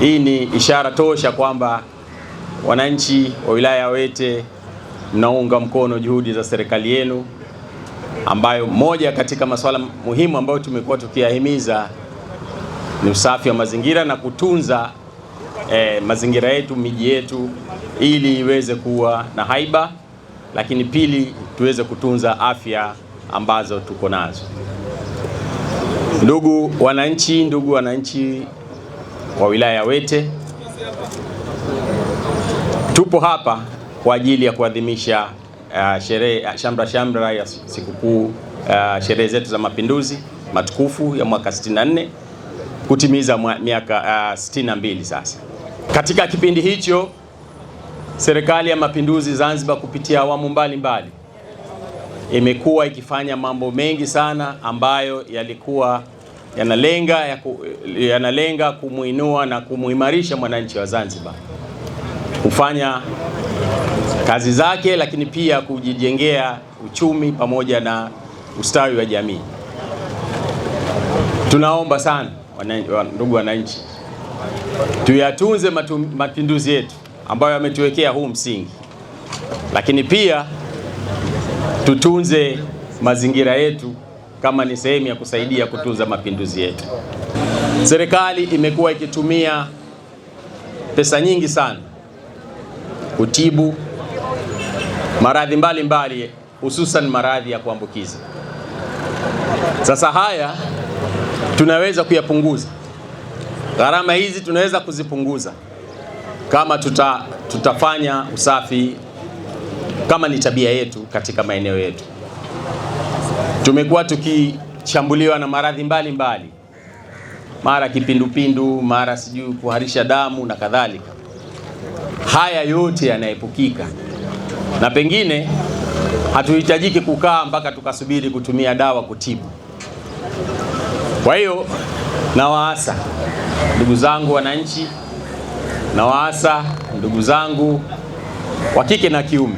Hii ni ishara tosha kwamba wananchi wa wilaya ya Wete mnaunga mkono juhudi za serikali yenu, ambayo moja katika masuala muhimu ambayo tumekuwa tukiyahimiza ni usafi wa mazingira na kutunza eh, mazingira yetu, miji yetu, ili iweze kuwa na haiba, lakini pili tuweze kutunza afya ambazo tuko nazo. Ndugu wananchi, ndugu wananchi wa wilaya ya Wete, tupo hapa kwa ajili ya kuadhimisha uh, sherehe uh, shamra shamra ya sikukuu uh, sherehe zetu za mapinduzi matukufu ya mwaka 64 kutimiza miaka uh, 62 sasa. Katika kipindi hicho serikali ya mapinduzi Zanzibar kupitia awamu mbalimbali imekuwa ikifanya mambo mengi sana ambayo yalikuwa yanalenga ya ku, yanalenga kumuinua na kumuimarisha mwananchi wa Zanzibar kufanya kazi zake, lakini pia kujijengea uchumi pamoja na ustawi wa jamii. Tunaomba sana ndugu wananchi, tuyatunze mapinduzi yetu ambayo yametuwekea huu msingi, lakini pia tutunze mazingira yetu kama ni sehemu ya kusaidia kutunza mapinduzi yetu. Serikali imekuwa ikitumia pesa nyingi sana kutibu maradhi mbalimbali, hususan maradhi ya kuambukiza. Sasa haya tunaweza kuyapunguza, gharama hizi tunaweza kuzipunguza kama tuta, tutafanya usafi kama ni tabia yetu katika maeneo yetu. Tumekuwa tukishambuliwa na maradhi mbalimbali, mara kipindupindu, mara sijui kuharisha damu na kadhalika. Haya yote yanaepukika, na pengine hatuhitajiki kukaa mpaka tukasubiri kutumia dawa kutibu. Kwa hiyo nawaasa ndugu zangu wananchi, nawaasa ndugu zangu wa kike na kiume,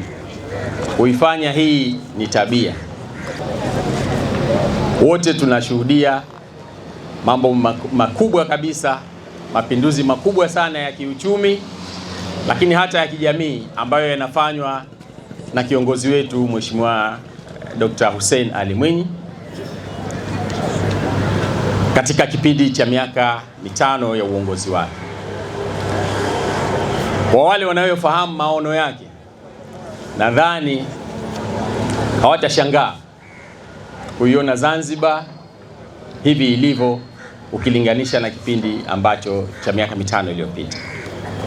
kuifanya hii ni tabia. Wote tunashuhudia mambo makubwa kabisa, mapinduzi makubwa sana ya kiuchumi, lakini hata ya kijamii ambayo yanafanywa na kiongozi wetu Mheshimiwa eh, Dr. Hussein Ali Mwinyi katika kipindi cha miaka mitano ya uongozi wake. Kwa wale wanayofahamu maono yake, nadhani hawatashangaa kuiona Zanzibar hivi ilivyo ukilinganisha na kipindi ambacho cha miaka mitano iliyopita.